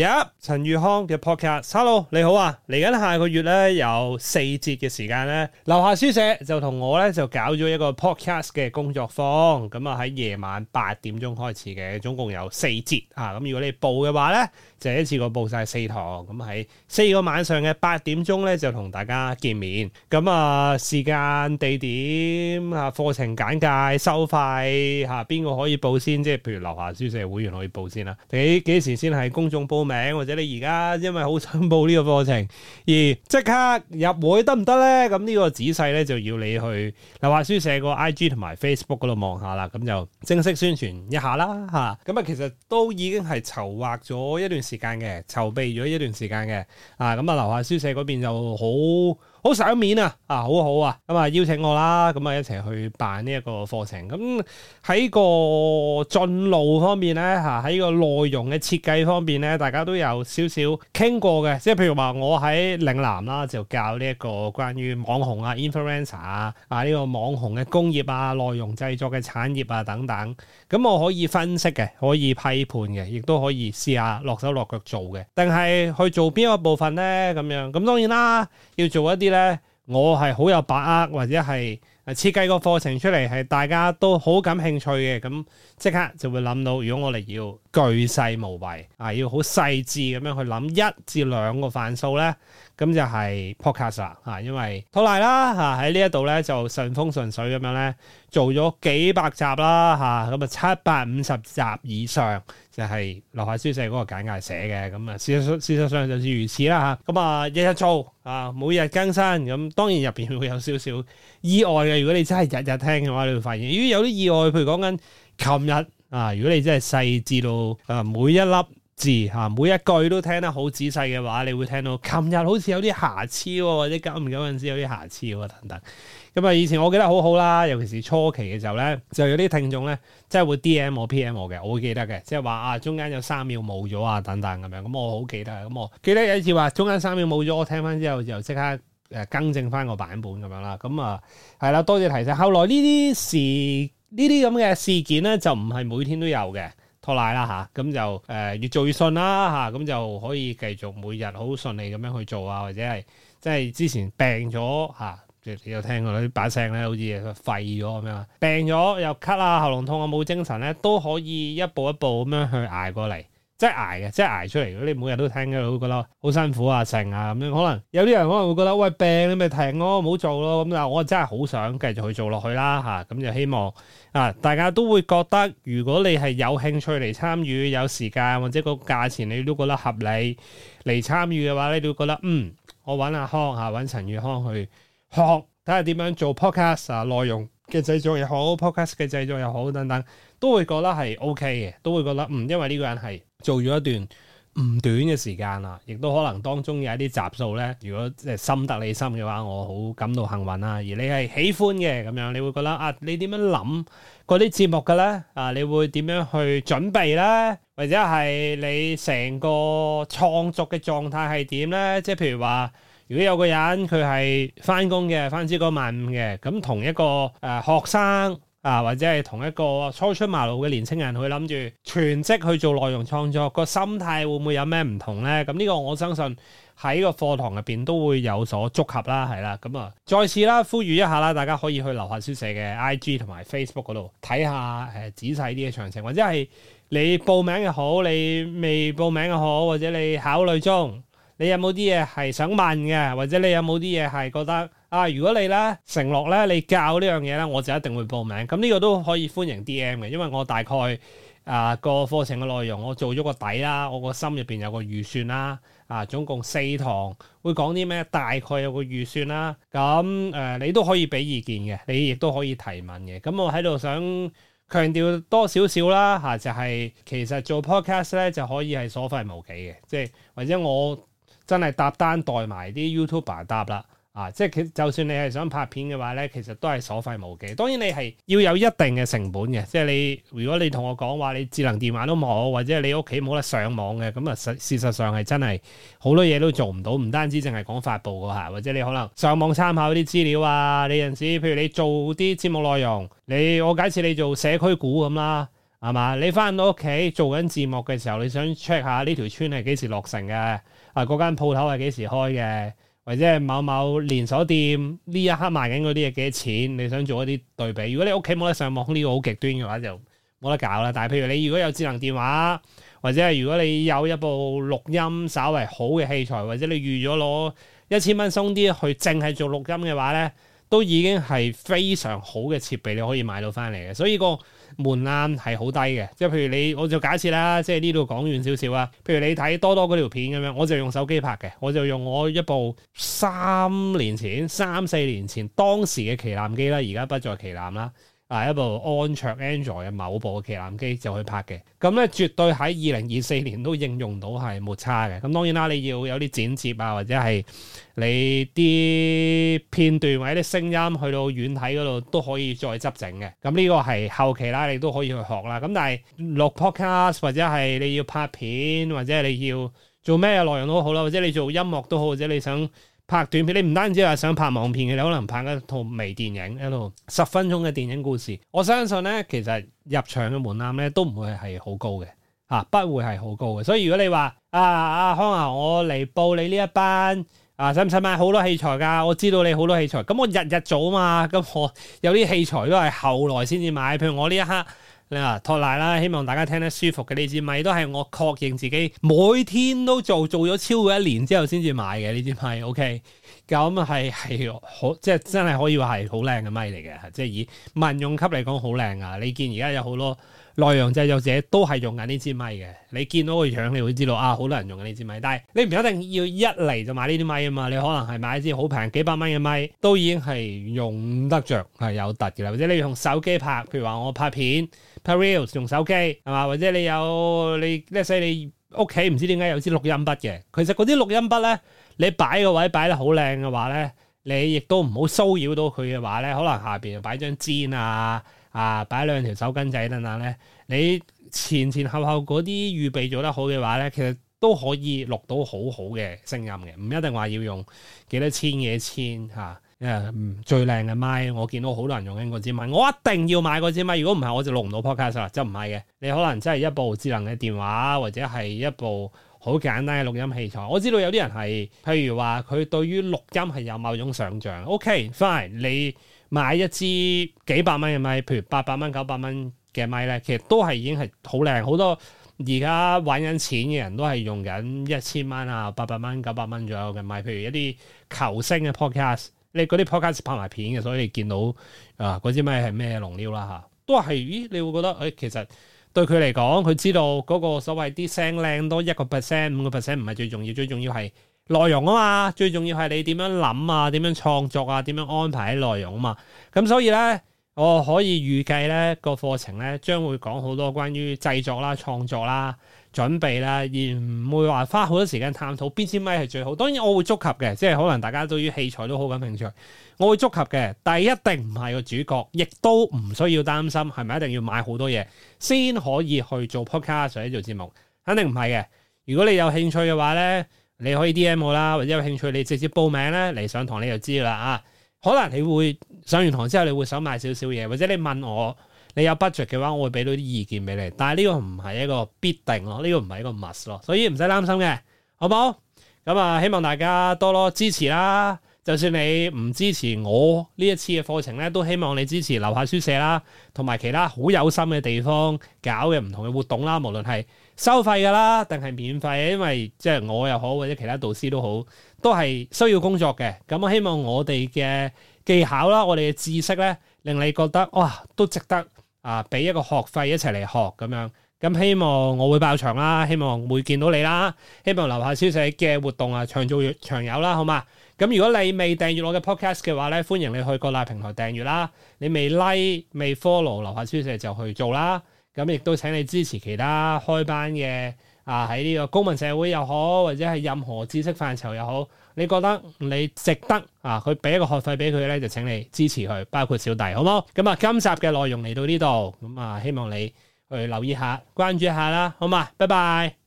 呀，陳宇康嘅 podcast，hello 你好啊！嚟緊下，下個月咧，有四節嘅時間咧，樓下書社就同我咧就搞咗一個 podcast 嘅工作坊，咁啊喺夜晚八點鐘開始嘅，總共有四節啊！咁如果你報嘅話咧。就一次過報晒四堂，咁喺四個晚上嘅八點鐘咧，就同大家見面。咁啊、呃，時間地點啊課程簡介、收費吓，邊個可以報先？即係譬如樓下書社會員可以報先啦。幾幾時先係公眾報名？或者你而家因為好想報呢個課程而即刻入會得唔得咧？咁呢個仔細咧就要你去樓下書社個 IG 同埋 Facebook 度望下啦。咁就正式宣傳一下啦，吓，咁啊，其實都已經係籌劃咗一段。時間嘅籌備咗一段時間嘅，啊咁啊樓下書舍嗰邊就好好賞面啊！啊，好好啊，咁啊邀請我啦，咁啊一齊去辦呢一個課程。咁喺個進路方面咧，吓喺個內容嘅設計方面咧，大家都有少少傾過嘅。即係譬如話我喺嶺南啦，就教呢一個關於網紅啊、influencer 啊，啊呢個網紅嘅工業啊、內容製作嘅產業啊等等。咁我可以分析嘅，可以批判嘅，亦都可以試下落手落腳做嘅。定係去做邊一個部分咧？咁樣咁當然啦，要做一啲咧。咧，我係好有把握，或者係設計個課程出嚟，係大家都好感興趣嘅，咁即刻就會諗到，如果我嚟要。巨細無遺啊，要好細緻咁樣去諗一至兩個範數咧，咁就係 podcast 啦啊！因為託賴啦吓，喺呢一度咧就順風順水咁樣咧，做咗幾百集啦吓，咁啊七百五十集以上就係留下書寫嗰個簡介寫嘅，咁啊事實上事實上就是如此啦吓，咁啊日日做啊，每日更新，咁當然入邊會有少少意外嘅，如果你真係日日聽嘅話，你會發現咦，有啲意外，譬如講緊琴日。啊！如果你真係細緻到啊每一粒字嚇、啊、每一句都聽得好仔細嘅話，你會聽到尋日好似有啲瑕疵喎、啊，或者咁唔緊要嗰陣時有啲瑕疵喎、啊、等等。咁、嗯、啊，以前我記得好好啦，尤其是初期嘅時候咧，就有啲聽眾咧真係會 D M 我 P M 我嘅，我會記得嘅，即係話啊中間有三秒冇咗啊等等咁樣。咁我好記得，咁我記得有一次話中間三秒冇咗，我聽翻之後就即刻誒更正翻個版本咁樣啦。咁啊係啦，多謝提醒。後來呢啲事。呢啲咁嘅事件咧，就唔係每天都有嘅，拖奶啦嚇，咁、啊、就誒、呃、越做越順啦嚇，咁、啊、就可以繼續每日好順利咁樣去做啊，或者係即係之前病咗嚇、啊，你有聽過咧，把聲咧好似廢咗咁樣，病咗又咳啊，喉嚨痛啊，冇精神咧，都可以一步一步咁樣去捱過嚟。即係捱嘅，即係捱出嚟。如果你每日都聽嘅，都覺得好辛苦啊、靜啊咁樣。可能有啲人可能會覺得，喂病你咪停咯、啊，唔好做咯。咁但係我真係好想繼續做去做落去啦吓。咁、啊、就希望啊，大家都會覺得，如果你係有興趣嚟參與，有時間或者個價錢你都覺得合理嚟參與嘅話，你都會覺得嗯，我揾阿、啊、康吓，揾陳宇康去學，睇下點樣做 podcast 啊內容。嘅製作又好，Podcast 嘅製作又好，等等都會覺得係 O K 嘅，都會覺得嗯，因為呢個人係做咗一段唔短嘅時間啦，亦都可能當中有一啲雜數咧。如果即係深得你心嘅話，我好感到幸運啦。而你係喜歡嘅咁樣，你會覺得啊，你點樣諗嗰啲節目嘅咧？啊，你會點樣去準備咧？或者係你成個創作嘅狀態係點咧？即係譬如話。如果有個人佢係翻工嘅，翻朝九晚五嘅，咁同一個誒、呃、學生啊、呃，或者係同一個初出茅廬嘅年青人，佢諗住全職去做內容創作，個心態會唔會有咩唔同咧？咁呢個我相信喺個課堂入邊都會有所觸及啦，係啦。咁、嗯、啊，再次啦，呼籲一下啦，大家可以去留下書舍嘅 I G 同埋 Facebook 嗰度睇下誒、呃、仔細啲嘅詳情，或者係你報名又好，你未報名又好，或者你考慮中。你有冇啲嘢係想問嘅，或者你有冇啲嘢係覺得啊？如果你咧承諾咧，你教呢樣嘢咧，我就一定會報名。咁呢個都可以歡迎 D.M. 嘅，因為我大概啊個課程嘅內容，我做咗個底啦，我個心入邊有個預算啦，啊總共四堂會講啲咩，大概有個預算啦。咁、啊、誒、啊，你都可以俾意見嘅，你亦都可以提問嘅。咁我喺度想強調多少少啦嚇，就係、是、其實做 podcast 咧就可以係所費無幾嘅，即係或者我。真係搭單代埋啲 YouTuber 搭啦，啊！即係佢就算你係想拍片嘅話咧，其實都係所費無幾。當然你係要有一定嘅成本嘅，即係你如果你同我講話你智能電話都冇，或者你屋企冇得上網嘅，咁啊實事實上係真係好多嘢都做唔到，唔單止淨係講發布個嚇，或者你可能上網參考啲資料啊，你有陣時譬如你做啲節目內容，你我假設你做社區股咁啦，係嘛？你翻到屋企做緊字幕嘅時候，你想 check 下呢條村係幾時落成嘅？啊，嗰間鋪頭係幾時開嘅？或者係某某連鎖店呢一刻賣緊嗰啲嘢幾多錢？你想做一啲對比。如果你屋企冇得上網，呢個好極端嘅話就冇得搞啦。但係譬如你如果有智能電話，或者係如果你有一部錄音稍為好嘅器材，或者你預咗攞一千蚊鬆啲去淨係做錄音嘅話咧，都已經係非常好嘅設備你可以買到翻嚟嘅。所以個門檻係好低嘅，即係譬如你，我就假設啦，即係呢度講遠少少啊。譬如你睇多多嗰條片咁樣，我就用手機拍嘅，我就用我一部三年前、三四年前當時嘅旗艦機啦，而家不在旗艦啦。啊一部安卓 Android 嘅某部嘅旗艦機就去拍嘅，咁、嗯、咧絕對喺二零二四年都應用到係冇差嘅。咁、嗯、當然啦，你要有啲剪接啊，或者係你啲片段或者啲聲音去到軟體嗰度都可以再執整嘅。咁、嗯、呢、這個係後期啦，你都可以去學啦。咁、嗯、但係錄 podcast 或者係你要拍片或者你要做咩內容都好啦，或者你做音樂都好，或者你想。拍短片，你唔單止話想拍網片，你可能拍一套微電影，一度十分鐘嘅電影故事。我相信咧，其實入場嘅門檻咧都唔會係好高嘅，吓不會係好高嘅。所以如果你話啊，阿、啊、康啊，我嚟報你呢一班啊，使唔使買好多器材噶？我知道你好多器材，咁我日日做啊嘛，咁我有啲器材都係後來先至買，譬如我呢一刻。你話託賴啦，希望大家聽得舒服嘅呢支咪都係我確認自己每天都做做咗超過一年之後先至買嘅呢支咪。O K，咁係係好，即係真係可以話係好靚嘅咪嚟嘅，即係以民用級嚟講好靚啊！你見而家有好多內容製作者都係用緊呢支咪嘅，你見到個樣你會知道啊，好多人用緊呢支咪。但係你唔一定要一嚟就買呢啲咪啊嘛，你可能係買一支好平幾百蚊嘅咪，都已經係用得着，係有突嘅啦。或者你用手機拍，譬如話我拍片。perils 用手機係嘛，或者你有你即係你屋企唔知點解有支錄音筆嘅，其實嗰啲錄音筆咧，你擺個位擺得好靚嘅話咧，你亦都唔好騷擾到佢嘅話咧，可能下邊擺張氈啊啊，擺兩條手巾仔等等咧，你前前後後嗰啲預備做得好嘅話咧，其實都可以錄到好好嘅聲音嘅，唔一定話要用幾多千嘢千嚇。啊誒，yeah，最靚嘅咪，我見到好多人用緊嗰支咪。我一定要買嗰支咪，如果唔係，我就錄唔到 podcast 啦，就唔係嘅。你可能真係一部智能嘅電話或者係一部好簡單嘅錄音器材。我知道有啲人係，譬如話佢對於錄音係有某種想象。OK，fine，okay，你買一支幾百蚊嘅咪，譬如八百蚊、九百蚊嘅咪咧，其實都係已經係好靚。好多而家玩緊錢嘅人都係用緊一千蚊啊、八百蚊、九百蚊左右嘅咪，譬如一啲球星嘅 podcast。你嗰啲 podcast 拍埋片嘅，所以你見到啊嗰支咪係咩龍料啦嚇，都係咦，你會覺得誒、欸，其實對佢嚟講，佢知道嗰個所謂啲聲靚多一個 percent、五個 percent 唔係最重要，最重要係內容啊嘛，最重要係你點樣諗啊，點樣創作啊，點樣安排內容啊嘛，咁所以咧。我可以預計咧個課程咧將會講好多關於製作啦、創作啦、準備啦，而唔會話花好多時間探討邊支咪係最好。當然我會觸及嘅，即係可能大家對於器材都好感興趣，我會觸及嘅，但係一定唔係個主角，亦都唔需要擔心係咪一定要買好多嘢先可以去做 Podcast 或者做節目，肯定唔係嘅。如果你有興趣嘅話咧，你可以 DM 我啦，或者有興趣你直接報名咧嚟上堂你就知啦啊！可能你會上完堂之後你會想買少少嘢，或者你問我你有 budget 嘅話，我會俾到啲意見俾你。但係呢個唔係一個必定咯，呢個唔係一個 must 咯，所以唔使擔心嘅，好唔好？咁、嗯、啊，希望大家多多支持啦。就算你唔支持我呢一次嘅課程咧，都希望你支持樓下書舍啦，同埋其他好有心嘅地方搞嘅唔同嘅活動啦，無論係收費噶啦，定係免費，因為即係我又好或者其他導師都好。都係需要工作嘅，咁希望我哋嘅技巧啦，我哋嘅知識咧，令你覺得哇都值得啊，俾一個學費一齊嚟學咁樣。咁希望我會爆場啦，希望會見到你啦，希望留下消息嘅活動啊，長做長有啦，好嘛？咁如果你未訂閱我嘅 podcast 嘅話咧，歡迎你去各大平台訂閱啦。你未 like 未 follow 留下消息就去做啦。咁亦都請你支持其他開班嘅。啊！喺呢個公民社會又好，或者係任何知識範疇又好，你覺得你值得啊？佢俾一個學費俾佢咧，就請你支持佢，包括小弟，好唔好？咁啊，今集嘅內容嚟到呢度，咁啊，希望你去留意下、關注一下啦，好嘛？拜拜。